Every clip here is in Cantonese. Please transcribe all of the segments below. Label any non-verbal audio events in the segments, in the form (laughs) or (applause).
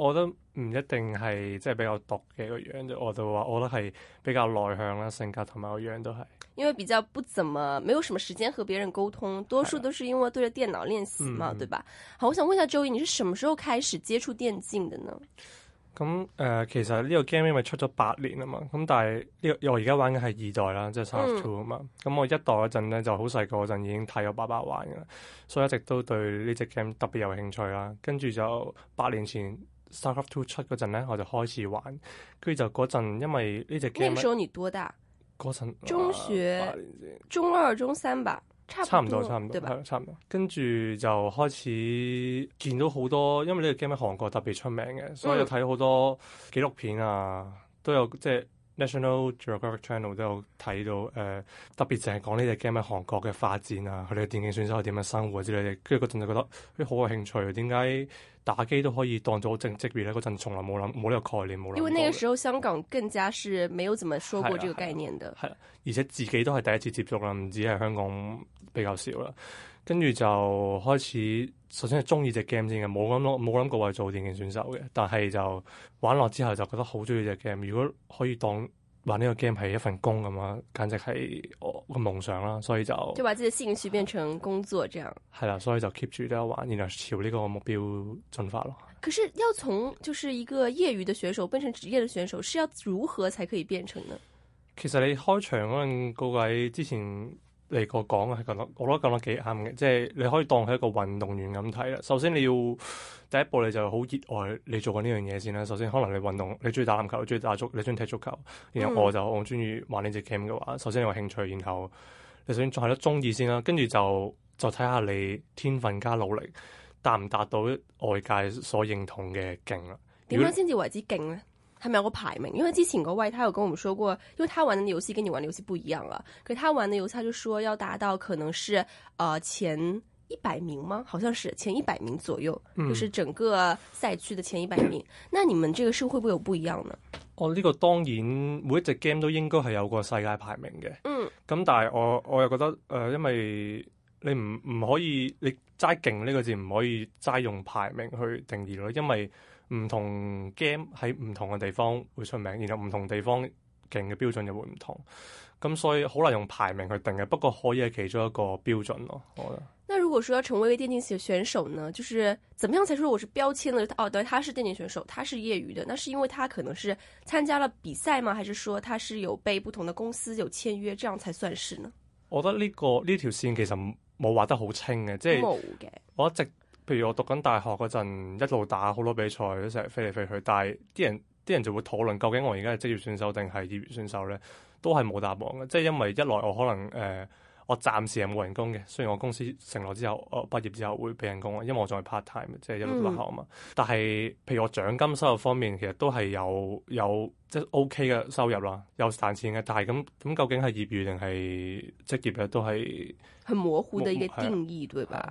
我都唔一定係即係比較毒嘅個樣，就我就話，我都係比較內向啦，性格同埋個樣都係。因為比較不怎麼，沒有什麼時間和別人溝通，多數都是因為對着電腦練習嘛，嗯、對吧？好，我想問下周怡，你是什麼時候開始接觸電競嘅呢？咁誒、嗯呃，其實呢個 game 因為出咗八年啊嘛，咁但係呢、這個我而家玩嘅係二代啦，即係 Star Two 啊嘛，咁我一代嗰陣咧就好細個嗰陣已經睇咗爸爸玩嘅，所以一直都對呢隻 game 特別有興趣啦。跟住就八年前。Starcraft 二出嗰陣咧，我就開始玩。跟住就嗰陣，因為呢隻 game，你多大？嗰陣中學中二中三吧，差唔多,多，差唔多，對吧？差唔多。跟住就開始見到好多，因為呢隻 game 喺韓國特別出名嘅，所以就睇好多紀錄片啊，嗯、都有即係、就是、National Geographic Channel 都有睇到。誒、呃，特別淨係講呢隻 game 喺韓國嘅發展啊，佢哋嘅電競選手係點樣生活之類嘅。跟住嗰陣就覺得，咦、欸，好有興趣、啊，點解？打機都可以當做正職咧，嗰陣從來冇諗冇呢個概念，冇諗因為呢個時候香港更加是沒有怎麼說過這個概念的。係，而且自己都係第一次接觸啦，唔止係香港比較少啦。跟住就開始首先係中意隻 game 先嘅，冇諗冇諗過為做電競選手嘅。但係就玩落之後就覺得好中意隻 game，如果可以當，玩呢個 game 係一份工咁樣，簡直係我個夢想啦，所以就就把自己的興趣變成工作，這樣係啦，所以就 keep 住都玩，然後朝呢個目標進發咯。可是要從就是一個業餘嘅選手變成職業嘅選手，是要如何才可以變成呢？其實你開場嗰陣，個位之前。嚟個講係咁多，我覺得講得幾啱嘅，即係你可以當係一個運動員咁睇啦。首先你要第一步，你就好熱愛你做緊呢樣嘢先啦。首先可能你運動，你中意打籃球，你中意打足，你中意踢足球。然後我就、嗯、我中意玩呢隻 game 嘅話，首先有興趣，然後你首先係得中意先啦，跟住就再睇下你天分加努力達唔達到外界所認同嘅勁啦。點樣先至為之勁咧？係咪有個排名，因為之前國外，他有跟我們說過，因為他玩的遊戲跟你玩的遊戲不一樣啊。佢他玩的遊戲，他就說要達到可能是，呃，前一百名嗎？好像是前一百名左右，就是整個賽區的前一百名。嗯、那你們這個是會不會有不一樣呢？哦，呢、這個當然，每一隻 game 都應該係有個世界排名嘅。嗯。咁但係我我又覺得，誒、呃，因為你唔唔可以，你齋勁呢個字唔可以齋用排名去定義咯，因為。唔同 game 喺唔同嘅地方會出名，然後唔同地方勁嘅標準又會唔同，咁所以好難用排名去定嘅。不過可以係其中一個標準咯。好啦。那如果說要成為電競選手呢，就是怎麼樣才說我是標籤呢？哦，對，他是電競選手，他是業餘的，那是因為他可能是參加了比賽嗎？還是說他是有被不同的公司有簽約，這樣才算是呢？我覺得呢個呢條線其實冇畫得好清嘅，即係冇嘅。我一直。譬如我讀緊大學嗰陣，一路打好多比賽，成日飛嚟飛去。但係啲人啲人就會討論，究竟我而家係職業選手定係業餘選手咧？都係冇答案嘅，即係因為一來我可能誒、呃，我暫時係冇人工嘅。雖然我公司成立之後，我畢業之後會俾人工啊，因為我仲係 part time，即係一路讀學啊嘛。嗯、但係譬如我獎金收入方面，其實都係有有即係、就是、OK 嘅收入啦，有賺錢嘅。但係咁咁究竟係業餘定係職業咧？都係很模糊嘅一個定義，是對吧？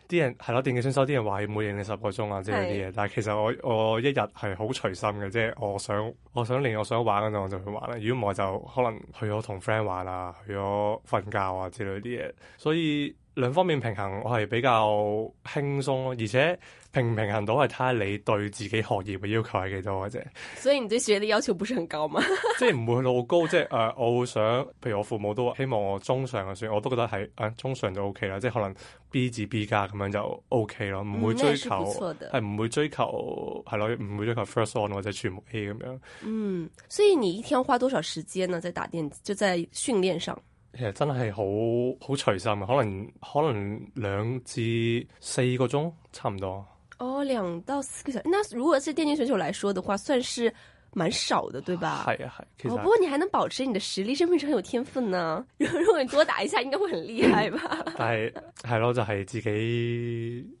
啲人係咯，電競選手啲人話要每日練你十個鐘啊，之類啲嘢。是但係其實我我一日係好隨心嘅，即係我想我想練我，我想玩嗰陣我就去玩啦。如果唔係就可能去咗同 friend 玩啊，去咗瞓覺啊之類啲嘢。所以。兩方面平衡，我係比較輕鬆咯，而且平唔平衡到係睇下你對自己學業嘅要求係幾多或者，所以你對學業嘅要求不是很高嘛？ (laughs) 即係唔會老高，即係誒、呃，我會想，譬如我父母都話希望我中上就算，我都覺得係誒、啊、中上就 O K 啦，即係可能 B 至 B 加咁樣就 O K 咯，唔、嗯、會追求係唔會追求係咯，唔會追求 first one 或者全部 A 咁樣。嗯，所以你一天花多少時間呢？在打電，就在訓練上。其實真係好好隨心，可能可能兩至四個鐘差唔多。哦，兩到四個鐘，那如果是電競選手來說的話，算是蠻少嘅，對吧？係啊，係、啊啊哦。不過你還能保持你的實力，證明你很有天分呢、啊。 (laughs) 如果你多打一下，應該會很厲害吧？ (laughs) 但係係咯，就係、是、自己。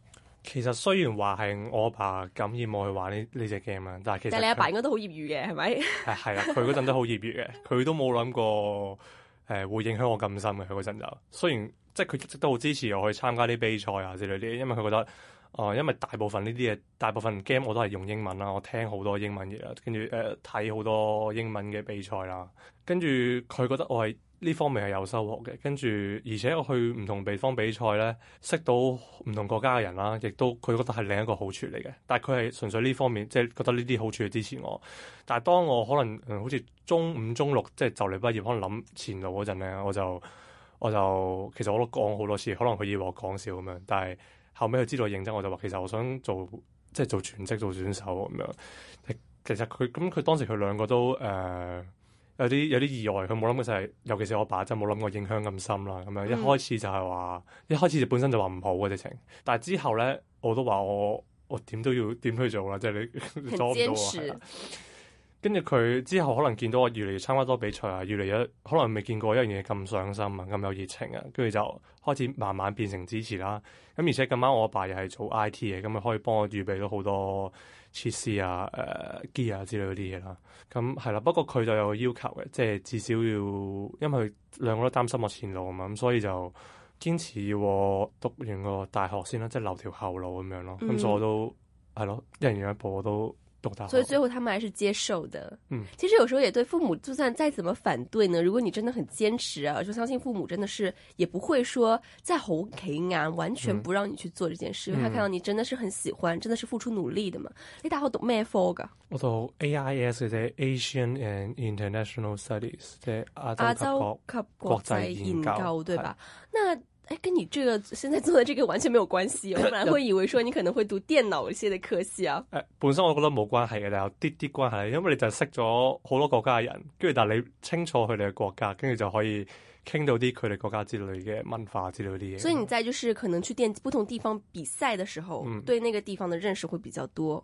其實雖然話係我阿爸感染我去玩呢呢隻 game 啊，但係其實你阿爸應該都好業餘嘅係咪？係係啦，佢嗰陣都好業餘嘅，佢都冇諗過誒會影響我咁深嘅。佢嗰陣就雖然即係佢一直都好支持我去參加啲比賽啊之類啲，因為佢覺得啊、呃，因為大部分呢啲嘢，大部分 game 我都係用英文啦，我聽好多英文嘢，跟住誒睇好多英文嘅、呃、比賽啦，跟住佢覺得我係。呢方面係有收穫嘅，跟住而且我去唔同地方比賽咧，識到唔同國家嘅人啦、啊，亦都佢覺得係另一個好處嚟嘅。但係佢係純粹呢方面，即係覺得呢啲好處去支持我。但係當我可能、嗯、好似中五、中六，即係就嚟畢業，可能諗前路嗰陣咧，我就我就其實我都講好多次，可能佢以為我講笑咁樣，但係後尾佢知道認真，我就話其實我想做即係做全職做選手咁樣。其實佢咁佢當時佢兩個都誒。呃有啲有啲意外，佢冇諗過就係，尤其是我爸真係冇諗過影響咁深啦。咁樣一開始就係話，一開始就、嗯、開始本身就話唔好嘅直情。但係之後咧，我都話我我點都要點去做啦，即係你阻唔到我。就是 (laughs) 跟住佢之後可能見到我越嚟越參加多比賽啊，越嚟越可能未見過一樣嘢咁上心啊，咁有熱情啊，跟住就開始慢慢變成支持啦、啊。咁而且今晚我阿爸又係做 I.T 嘅，咁佢可以幫我預備咗好多設施啊、誒、呃、gear 啊之類嗰啲嘢啦。咁係啦，不過佢就有個要求嘅，即係至少要，因為佢兩個都擔心我前路啊嘛，咁所以就堅持要我讀完個大學先啦、啊，即係留條後路咁樣咯、啊。咁所以我都係咯，一人一步我都。所以最後他們還是接受的。嗯，其實有時候也對父母，就算再怎麼反對呢，如果你真的很堅持啊，就相信父母真的是也不會說再好強硬，完全不讓你去做這件事。因為佢看到你真的是很喜歡，真的是付出努力的嘛。你大學讀咩科噶？我讀 AIS 即係 Asian and International Studies 即係亞洲及國際研究，對吧？那哎，跟你這個現在做的這個完全沒有關係。我本來會以為說你可能會讀電腦一些的科系啊。誒，本身我覺得冇關係嘅，但有啲啲關係，因為你就識咗好多國家嘅人，跟住但你清楚佢哋嘅國家，跟住就可以傾到啲佢哋國家之類嘅文化之類啲嘢。所以你再就是可能去電不同地方比賽的時候，對那個地方的認識會比較多。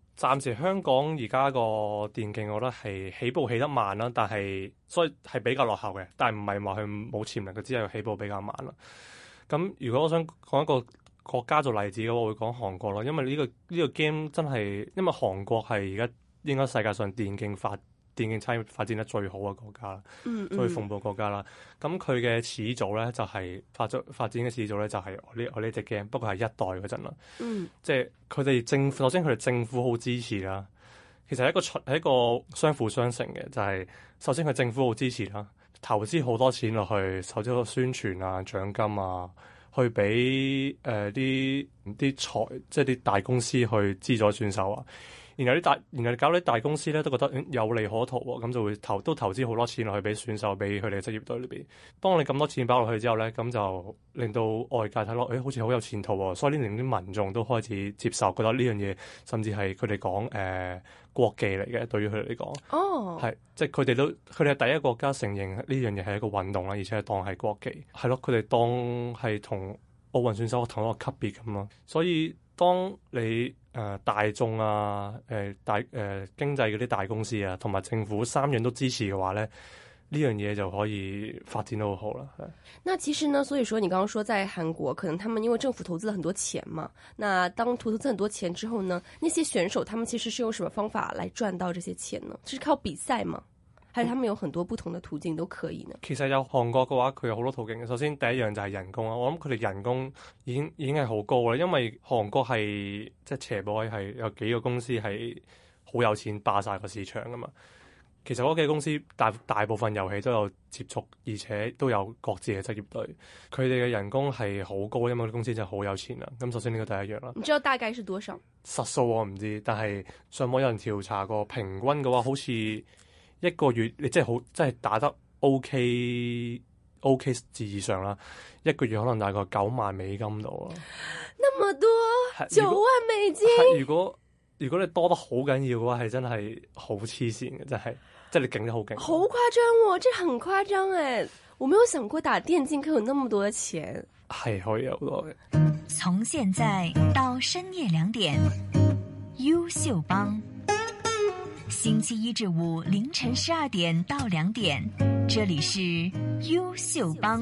暫時香港而家個電競，我覺得係起步起得慢啦，但係所以係比較落後嘅。但係唔係話佢冇潛力，佢只係起步比較慢啦。咁如果我想講一個國家做例子嘅話，我會講韓國咯，因為呢個呢個 game 真係因為韓國係而家應該世界上電競發電競產業發展得最好嘅國家啦，mm hmm. 所以鳳布國家啦。咁佢嘅始祖咧、就是，就係發足發展嘅始祖咧，就係我呢我呢隻 game，不過係一代嗰陣啦。嗯、mm，hmm. 即係佢哋政首先佢哋政府好支持啦。其實係一個出係一個相輔相成嘅，就係、是、首先佢政府好支持啦，投資好多錢落去，首先個宣傳啊、獎金啊，去俾誒啲啲財，即係啲大公司去資助選手啊。然後啲大，然後搞啲大公司咧，都覺得有利可圖喎，哦，咁就會投都投資好多錢落去俾選手，俾佢哋職業隊裏邊。當你咁多錢包落去之後咧，咁就令到外界睇落，誒、哎、好似好有前途喎，哦，所以令啲民眾都開始接受，覺得呢樣嘢甚至係佢哋講誒國技嚟嘅。對於佢哋嚟講，哦、oh.，係即係佢哋都佢哋係第一國家承認呢樣嘢係一個運動啦，而且係當係國技，係咯，佢哋當係同奧運選手同一個級別咁咯，所以。當你誒、呃、大眾啊、誒大誒經濟嗰啲大公司啊，同埋政府三樣都支持嘅話咧，呢樣嘢就可以發展得好好啦。那其實呢，所以說你剛剛說在韓國，可能他們因為政府投資了很多錢嘛。那當途投資很多錢之後呢，那些選手他們其實是用什麼方法來賺到這些錢呢？就是靠比賽嘛。係，他們有很多不同的途徑都可以呢。其實有韓國嘅話，佢有好多途徑。首先，第一樣就係人工啦。我諗佢哋人工已經已經係好高啦，因為韓國係即係邪波係有幾個公司係好有錢霸晒個市場噶嘛。其實嗰幾公司大大部分遊戲都有接觸，而且都有各自嘅職業隊。佢哋嘅人工係好高，因為啲公司真係好有錢啦。咁，首先呢個第一樣啦。唔知道大概是多少？實數我唔知，但係上網有人調查過，平均嘅話好似。一個月你即係好，即係打得 O K O K 字以上啦，一個月可能大概九萬美金度咯。那麼多？九萬美金，如果如果,如果你多得好緊要嘅話，係真係好黐線嘅，真係即係你勁得好勁。好誇張即係，這很誇張誒，我沒有想過打電競可以有那麼多錢，係可以有多嘅。從現在到深夜兩點，優秀幫。星期一至五凌晨十二點到兩點，這裏是優秀幫。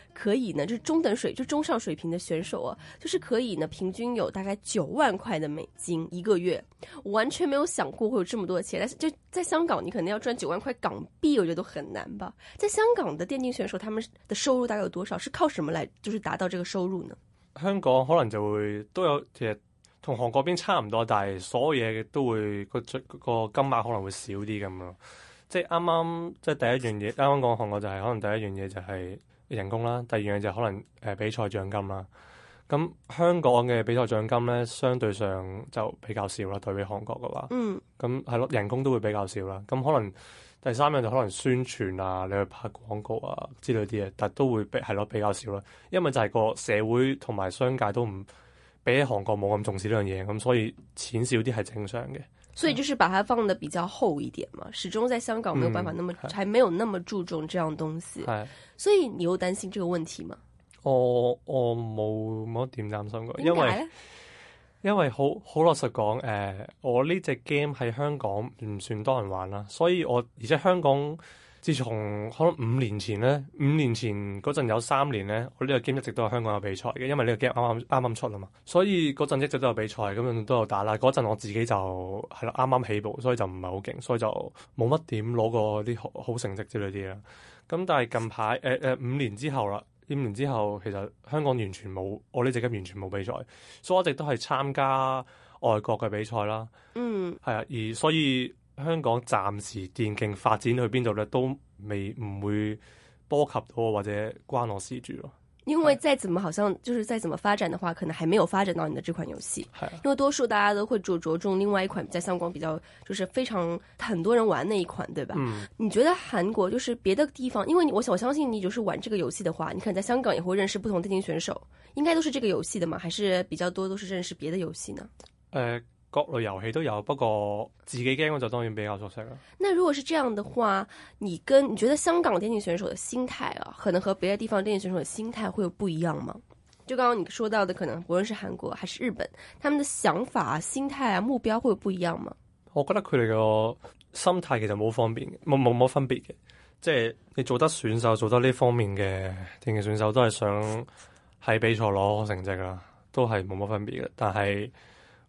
可以呢，就是中等水，就中上水平的選手啊，就是可以呢，平均有大概九萬塊的美金一個月。我完全沒有想過會有這麼多的錢，但是就在香港，你可能要賺九萬塊港幣，我覺得都很難吧。在香港的電競選手，他們的收入大概有多少？是靠什麼來，就是達到這個收入呢？香港可能就會都有，其實同韓國嗰邊差唔多，但係所有嘢都會個個金額可能會少啲咁咯。即係啱啱即係第一樣嘢，啱啱講韓國就係、是，可能第一樣嘢就係、是。人工啦，第二樣就可能誒比賽獎金啦。咁香港嘅比賽獎金咧，相對上就比較少啦。對比韓國嘅話，嗯。咁係咯，人工都會比較少啦。咁可能第三樣就可能宣傳啊，你去拍廣告啊之類啲嘢，但都會係咯比較少啦。因為就係個社會同埋商界都唔比起韓國冇咁重視呢樣嘢，咁所以錢少啲係正常嘅。所以就是把它放得比較厚一點嘛，始終在香港沒有辦法那麼，嗯、還沒有那麼注重這樣東西，是所以你有擔心這個問題嘛？我我冇冇點擔心過，因為，為，因，為因為好好老實講，誒、呃，我呢隻 game 喺香港唔算多人玩啦，所以我而且香港。自從可能五年前咧，五年前嗰陣有三年咧，我呢個 game 一直都係香港有比賽嘅，因為呢個 game 啱啱啱啱出啦嘛，所以嗰陣一直都有比賽，咁樣都有打啦。嗰陣我自己就係啦，啱啱起步，所以就唔係好勁，所以就冇乜點攞過啲好好成績之類啲嘢啦。咁但係近排誒誒五年之後啦，五年之後其實香港完全冇，我呢隻 game 完全冇比賽，所以我一直都係參加外國嘅比賽啦。嗯，係啊，而所以。香港暫時電競發展去邊度呢？都未唔會波及到或者關我事住咯。因為再怎麼好像，就是再怎麼發展的話，可能還沒有發展到你的這款遊戲。啊、因為多數大家都會着着重另外一款，在香港比較，比較就是非常很多人玩那一款，對吧？嗯。你覺得韓國就是別的地方，因為你我我相信你就是玩這個遊戲的話，你可能在香港也會認識不同電競選手，應該都是這個遊戲的嘛？還是比較多都是認識別的遊戲呢？誒、呃。各類遊戲都有，不過自己 game 我就當然比較熟悉啦。那如果是這樣的話，你跟你覺得香港電競選手的心態啊，可能和別的地方電競選手的心態會有不一樣嗎？就剛剛你說到的，可能無論是韓國還是日本，他們的想法啊、心態啊、目標會有不一樣嗎？我覺得佢哋嘅心態其實冇方便，冇冇冇分別嘅。即係你做得選手，做得呢方面嘅電競選手都，都係想喺比賽攞成績啊，都係冇乜分別嘅。但係。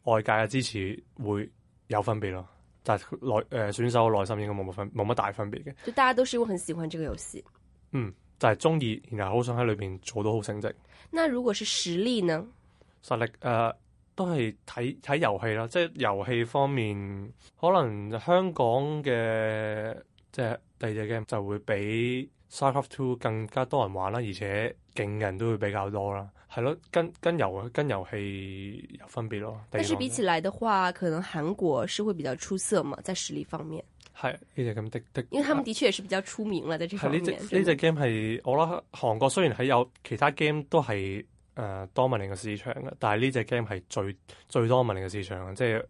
外界嘅支持會有分別咯，就係內誒選手內心應該冇乜分冇乜大分別嘅。就大家都是會很喜歡這個遊戲，嗯，就係中意，然後好想喺裏邊做到好成績。那如果是實力呢？實力誒、呃、都係睇睇遊戲啦，即係遊戲方面可能香港嘅即係第二隻 game 就會比《StarCraft Two》更加多人玩啦，而且勁人都會比較多啦。係咯，跟跟遊跟遊戲有分別咯。但是比起來嘅話，可能韓國是會比較出色嘛，在實力方面。係呢隻咁的的，因為他們的確也是比較出名啦，呢隻呢隻 game 係，我覺得韓國雖然喺有其他 game 都係誒 dominating 嘅市場，但係呢隻 game 係最最多 dominating 嘅市場，即係、就是、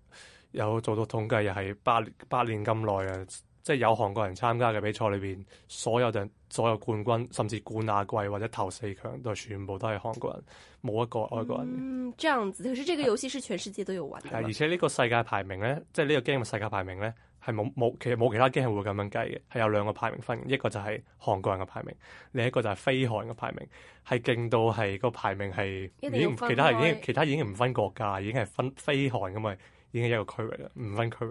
有做到統計又係八八年咁耐啊。即係有韓國人參加嘅比賽裏邊，所有人、所有冠軍，甚至冠亞季或者頭四強，都係全部都係韓國人，冇一個外國人。嗯，這樣子。可是這個遊戲是全世界都有玩。係，而且呢個世界排名咧，即係呢個 game 嘅世界排名咧，係冇冇其實冇其他 game 係會咁樣計嘅。係有兩個排名分，一個就係韓國人嘅排名，另一個就係非韓嘅排名。係勁到係個排名係已經其他係已經其他已經唔分國家，已經係分非韓咁啊，已經係一個區域啦，唔分區域。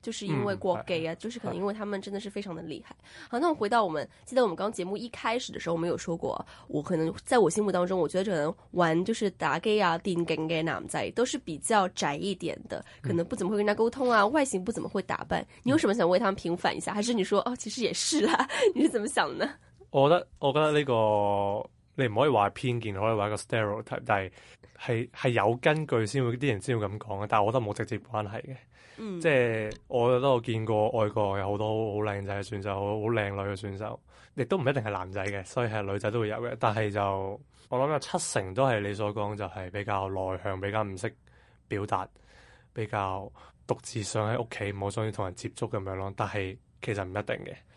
就是因為過 gay 啊、嗯，就是可能因為他們真的是非常的厲害。好，那我回到我們，記得我們剛節目一開始的時候，我們有說過，我可能在我心目當中，我覺得可能玩就是打 game 啊、電競 game 仔都是比較宅一點的，可能不怎麼會跟人家溝通啊，嗯、外形不怎麼會打扮。你有什麼想為他們平反一下、嗯，還是你說哦，其實也是啦？你是怎麼想呢？我覺得，我覺得呢、這個你唔可以話偏見，可以話一個 stereotype，但係係係有根據先會啲人先會咁講嘅，但係我覺得冇直接關係嘅。即係我覺得我見過外國有好多好靚仔嘅選手，好好靚女嘅選手，亦都唔一定係男仔嘅，所以係女仔都會有嘅。但係就我諗有七成都係你所講，就係比較內向，比較唔識表達，比較獨自想喺屋企，冇想同人接觸咁樣咯。但係其實唔一定嘅。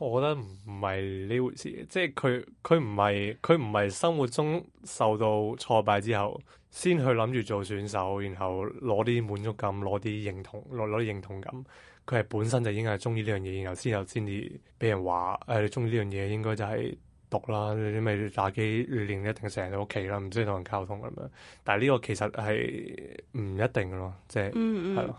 我覺得唔唔係呢回事，即係佢佢唔係佢唔係生活中受到挫敗之後，先去諗住做選手，然後攞啲滿足感，攞啲認同，攞攞啲認同感。佢係本身就應該係中意呢樣嘢，然後先又先至俾人話誒、哎、你中意呢樣嘢，應該就係讀啦，你咪打機練你一定成日喺屋企啦，唔中意同人溝通咁樣。但係呢個其實係唔一定嘅咯，即係係咯。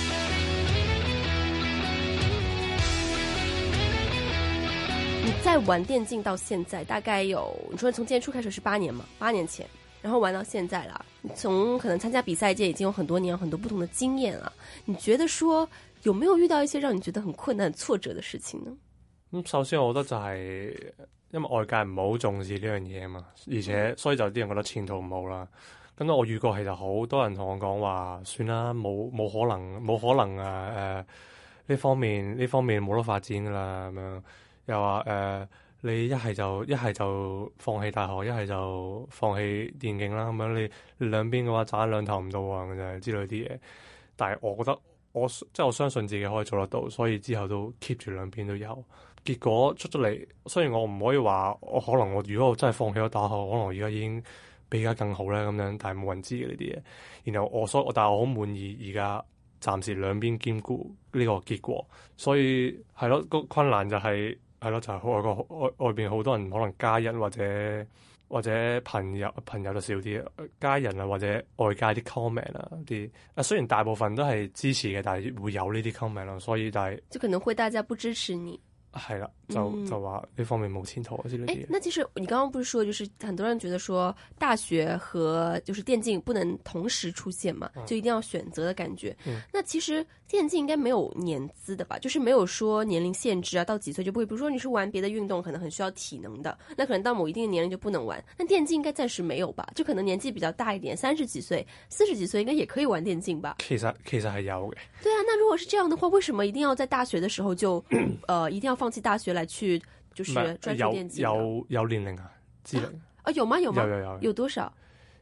在玩電競到現在，大概有，你說你從今年初開始是八年嘛？八年前，然後玩到現在啦。從可能參加比賽屆已經有很多年，有很多不同的經驗啊。你覺得說，有沒有遇到一些讓你覺得很困難、挫折的事情呢？首先我覺得就係、是，因為外界唔好重視呢樣嘢啊嘛，而且所以就啲人覺得前途唔好啦。咁我遇過其實好多人同我講話，算啦，冇冇可能，冇可能啊誒呢、呃、方面呢方面冇得發展噶啦咁樣。又話誒、呃，你一係就一係就放棄大學，一係就放棄電競啦咁樣。你兩邊嘅話斬兩頭唔到岸，咁啫，之類啲嘢。但係我覺得我即係我相信自己可以做得到，所以之後都 keep 住兩邊都有。結果出咗嚟，雖然我唔可以話我可能我如果我真係放棄咗大學，可能我而家已經比而家更好咧咁樣。但係冇人知嘅呢啲嘢。然後我所但係我好滿意而家暫時兩邊兼顧呢個結果。所以係咯，個困難就係、是。係咯，就係、是、外國外外邊好多人可能家人或者或者朋友朋友，就少啲，家人啊或者外界啲 comment 啊啲，啊雖然大部分都係支持嘅，但係會有呢啲 comment 咯，所以但係就可能會大家不支持你。係啦，就就話呢方面冇前途之類嘅嘢。那其實你剛剛不是說，就是很多人覺得說大學和就是電競不能同時出現嘛，嗯、就一定要選擇的感覺。嗯、那其實電競應該沒有年資的吧？就是沒有說年齡限制啊，到幾歲就不會。比如說，你是玩別的運動，可能很需要體能的，那可能到某一定年齡就不能玩。那電競應該暫時沒有吧？就可能年紀比較大一點，三十幾歲、四十幾歲應該也可以玩電競吧。其實其實係有嘅。對啊。如果是這樣的話，為什麼一定要在大學的時候就，呃、一定要放棄大學來去，就是專注、嗯、電競？有有年齡啊？知啊有嗎？有嗎？有有有？有多少？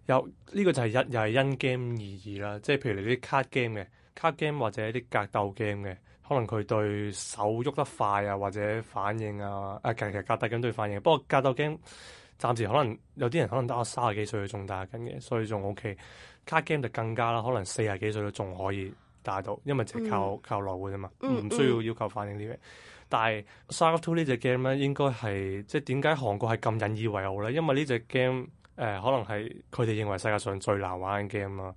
有呢、這個就係、是、一又係因 game 而異啦。即係譬如你啲卡 game 嘅，卡 game 或者啲格鬥 game 嘅，可能佢對手喐得快啊，或者反應啊，啊其實格鬥 game 都要反應。不過格鬥 game 暫時可能有啲人可能得我三十幾歲都仲打緊嘅，所以仲 OK。卡 game 就更加啦，可能四十幾歲都仲可以。大到，因為直靠、嗯、靠腦嘅啫嘛，唔、嗯、需要要求反應啲咩。嗯、但係《Star Two》呢隻 game 咧，應該係即係點解韓國係咁引以為傲咧？因為呢隻 game 誒，可能係佢哋認為世界上最難玩嘅 game 啊！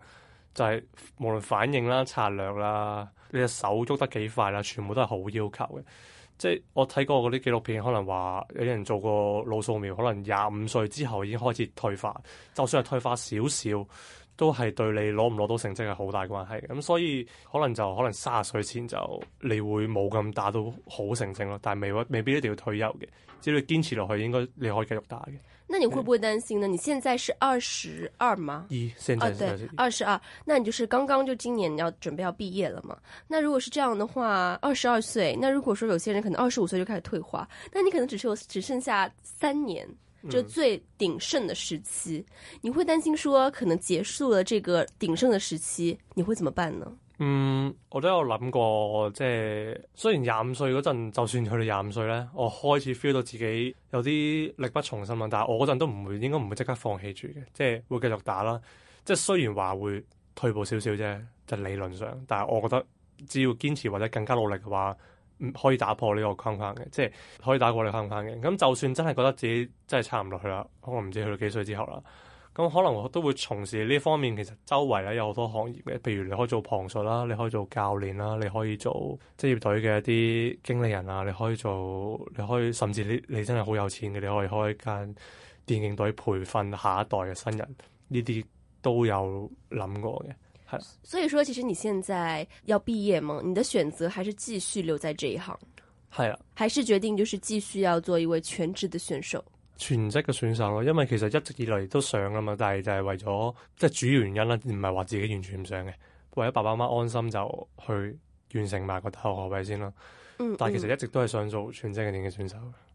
就係、是、無論反應啦、策略啦、你隻手郁得幾快啦，全部都係好要求嘅。即、就、係、是、我睇過嗰啲紀錄片，可能話有人做過腦掃描，可能廿五歲之後已經開始退化，就算係退化少少。都係對你攞唔攞到成績係好大關係嘅，咁所以可能就可能卅歲前就你會冇咁打到好成績咯，但係未未必一定要退休嘅，只要你堅持落去，應該你可以繼續打嘅。那你會不會擔心呢？你現在是二十二嗎？二、啊，現在對二十二，22，那你就是剛剛就今年你要準備要畢業了嘛。那如果是這樣的話，二十二歲，那如果說有些人可能二十五歲就開始退化，那你可能只有只剩下三年。就最鼎盛嘅時期，嗯、你會擔心說可能結束了這個鼎盛嘅時期，你會怎麼辦呢？嗯，我都有我諗過即係，雖然廿五歲嗰陣就算去到廿五歲咧，我開始 feel 到自己有啲力不從心啦，但係我嗰陣都唔會，應該唔會即刻放棄住嘅，即係會繼續打啦。即係雖然話會退步少少啫，就是，理論上，但係我覺得只要堅持或者更加努力嘅話。可以打破呢個框框嘅，即係可以打過你框框嘅。咁就算真係覺得自己真係撐唔落去啦，可能唔知去到幾歲之後啦，咁可能我都會從事呢方面。其實周圍咧有好多行業嘅，譬如你可以做旁述啦，你可以做教練啦，你可以做職業隊嘅一啲經理人啊，你可以做，你可以甚至你你真係好有錢嘅，你可以開間電競隊培訓下一代嘅新人。呢啲都有諗過嘅。所以說其實你現在要畢業嗎？你的選擇還是繼續留在這一行？係啊的，還是決定就是繼續要做一位全職的選手？全職嘅選手咯，因為其實一直以嚟都想噶嘛，但係就係為咗即係主要原因啦、啊，唔係話自己完全唔想嘅，為咗爸爸媽媽安心就去完成埋個大學學位先咯。但係其實一直都係想做全職嘅電競選手。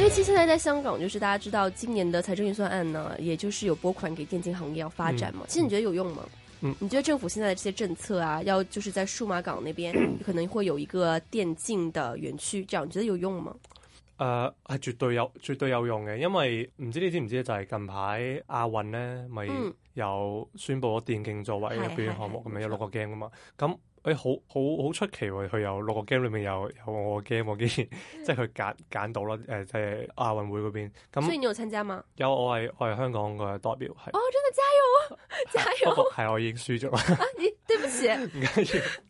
因為其實現在在香港，就是大家知道今年的財政預算案呢，也就是有撥款給電競行業要發展嘛。嗯、其實你覺得有用嗎？嗯，你覺得政府現在的這些政策啊，要就是在數碼港那邊可能會有一個電競的園區，這樣你覺得有用嗎？誒、呃，係絕對有，絕對有用嘅。因為唔知你知唔知，就係近排亞運呢咪有宣布咗電競作為一個表演項目咁樣，有六個 game 噶嘛。咁、嗯誒、欸，好好好出奇喎，欸！佢有六個 game，裏面有有我個 game，我竟然即係佢揀揀到啦。誒，即係亞運會嗰邊咁。所以你有參加嗎？有我，我係我係香港嘅代表係。哦，真係加油，加油！係 (laughs) (laughs) 我已經輸咗啦。咦，、啊，對不起。唔該。 (laughs)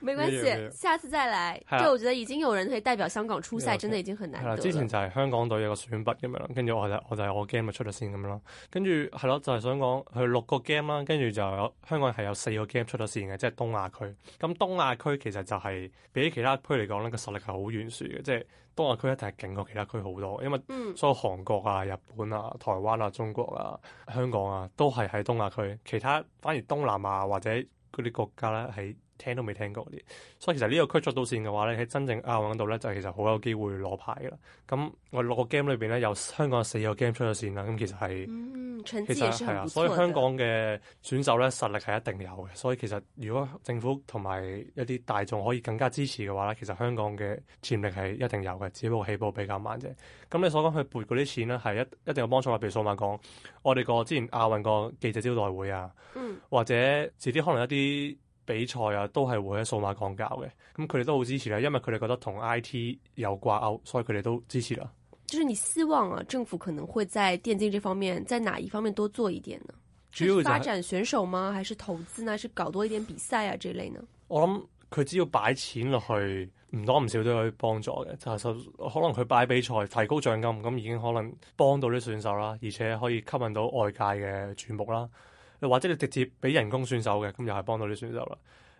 沒關係，有下次再來。有就我覺得已經有人可以代表香港出賽，okay, 真的已經很難。之前就係香港隊有個選拔咁樣咯，跟住我就我就我 game 咪出咗線咁樣咯。跟住係咯，就係、是、想講去六個 game 啦，跟住就有香港係有四個 game 出咗線嘅，即係東亞區。咁東亞區其實就係、是、比起其他區嚟講呢個實力係好懸殊嘅，即係東亞區一定係勁過其他區好多，因為所有韓國啊、日本啊、台灣啊、中國啊、香港啊，都係喺東亞區。其他反而東南亞或者嗰啲國家咧係。聽都未聽過啲，所以其實呢個區出到線嘅話咧，喺真正亞運度咧，就其實好有機會攞牌嘅啦。咁我六個 game 裏邊咧，有香港有四個 game 出咗線啦。咁其實係，嗯、其實係啊。所以香港嘅選手咧實力係一定有嘅。所以其實如果政府同埋一啲大眾可以更加支持嘅話咧，其實香港嘅潛力係一定有嘅，只不過起步比較慢啫。咁你所講去撥嗰啲錢咧，係一一定有幫助啊！譬如數碼港，我哋個之前亞運個記者招待會啊，嗯、或者遲啲可能一啲。比賽啊，都係會喺數碼港搞嘅。咁佢哋都好支持咧，因為佢哋覺得同 I T 有掛鈎，所以佢哋都支持啦。就是你希望啊，政府可能會在電競這方面，在哪一方面多做一點呢？主要就是、發展選手嗎？還是投資呢？是搞多一點比賽啊，這類呢？我諗佢只要擺錢落去，唔多唔少都可以幫助嘅。就是、可能佢擺比賽，提高獎金，咁已經可能幫到啲選手啦，而且可以吸引到外界嘅注目啦。又或者你直接俾人工選手嘅，咁又係幫到啲選手啦。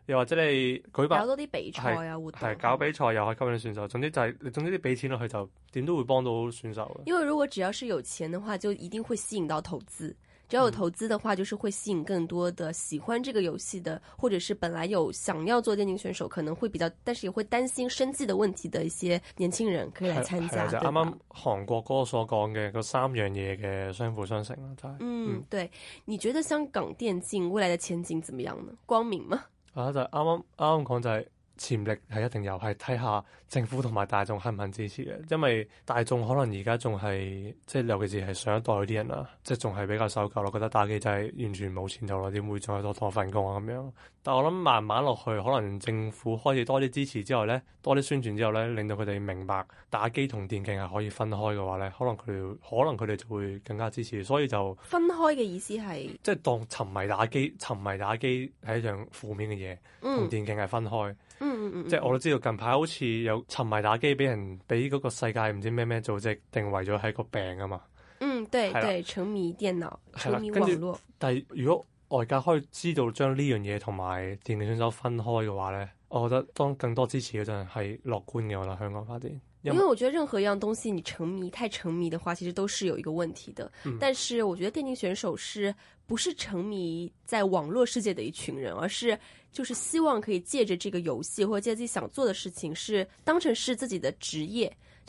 又或者你舉辦搞多啲比賽啊活動，係搞比賽又可以吸引啲選手。總之就係、是，總之你俾錢落去就點都會幫到選手。因為如果只要是有錢嘅話，就一定會吸引到投資。只要有投資的話，就是會吸引更多的喜歡這個遊戲的，或者是本來有想要做電競選手，可能會比較，但是也會擔心生計的問題的一些年輕人可以來參加。就啱啱韓國哥所講嘅嗰三樣嘢嘅相輔相成就係嗯，嗯對，你覺得香港電競未來的前景怎麼樣呢？光明嗎？啊，就啱啱啱啱講就係潛力係一定有，係睇下。政府同埋大眾肯唔肯支持嘅？因為大眾可能而家仲係即係，尤其是係上一代啲人啦，即係仲係比較守舊咯。覺得打機就係完全冇前途咯，點會再多多份工啊咁樣。但係我諗慢慢落去，可能政府開始多啲支持之後咧，多啲宣傳之後咧，令到佢哋明白打機同電競係可以分開嘅話咧，可能佢可能佢哋就會更加支持。所以就分開嘅意思係即係當沉迷打機、沉迷打機係一樣負面嘅嘢，同、嗯、電競係分開。嗯嗯嗯，即係我都知道，近排好似有沉迷打機，俾人俾嗰個世界唔知咩咩組織定為咗係個病啊嘛。嗯，對啦對，沉迷電腦，沉迷網絡。但係如果外界可以知道將呢樣嘢同埋電競選手分開嘅話咧，我覺得當更多支持嘅嗰陣係樂觀嘅啦，香港發展。因為，因為我覺得任何一樣東西，你沉迷太沉迷嘅話，其實都是有一個問題嘅。嗯、但是我覺得電競選手是，不是沉迷在網絡世界嘅一群人，而是？就是希望可以借着這個遊戲，或者借自己想做的事情，是當成是自己的職業。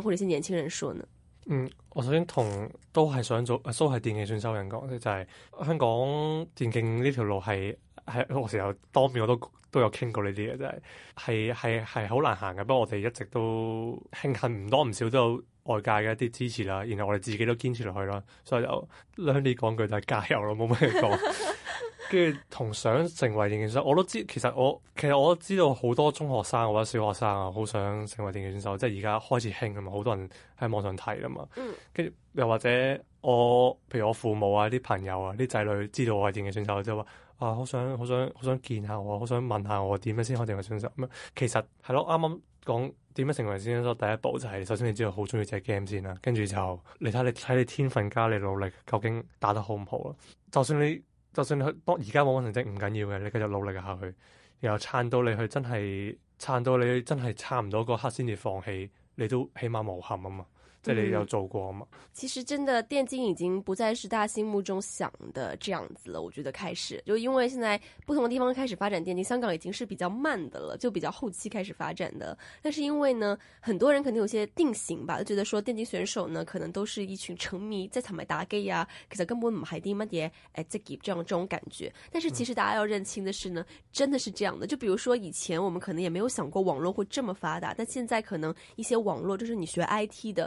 或者係年輕人說呢？嗯，我首先同都係想做，都、呃、係電競選手人講咧，就係、是、香港電競呢條路係係我時候當面我都都有傾過呢啲嘢，就係係係係好難行嘅。不過我哋一直都慶幸唔多唔少都有外界嘅一啲支持啦，然後我哋自己都堅持落去啦。所以就兩啲講句就係加油咯，冇乜嘢講。跟住同想成為電競選手，我都知。其實我其實我都知道好多中學生或者小學生啊，好想成為電競選手，即係而家開始興㗎嘛，好多人喺網上睇㗎嘛。嗯。跟住又或者我，譬如我父母啊、啲朋友啊、啲仔女知道我係電競選手，就話啊，好想、好想、好想見下我，好想問下我點樣先可以成為選手咁樣。其實係咯，啱啱講點樣成為電競選手，第一步就係首先你知道好中意隻 game 先啦。跟住就你睇你睇你，你天分加你努力，究竟打得好唔好啦？就算你。就算你當而家冇乜成績唔緊要嘅，你繼續努力下去，然後撐到你去真係撐到你真係撐唔到嗰刻先至放棄，你都起碼無憾啊嘛～這裏有做過嗎？其實真的，電競已經不再是大家心目中想的這樣子了。我覺得開始就因為現在不同的地方開始發展電競，香港已經是比較慢的了，就比較後期開始發展的。但是因為呢，很多人肯定有些定型吧，就覺得說電競選手呢可能都是一群沉迷在場外打機啊，其實根本唔係啲乜嘢誒即係咁樣這種感覺。但是其實大家要認清的是呢，真的是這樣的。就比如說以前我們可能也沒有想過網絡會這麼發達，但現在可能一些網絡就是你學 IT 的。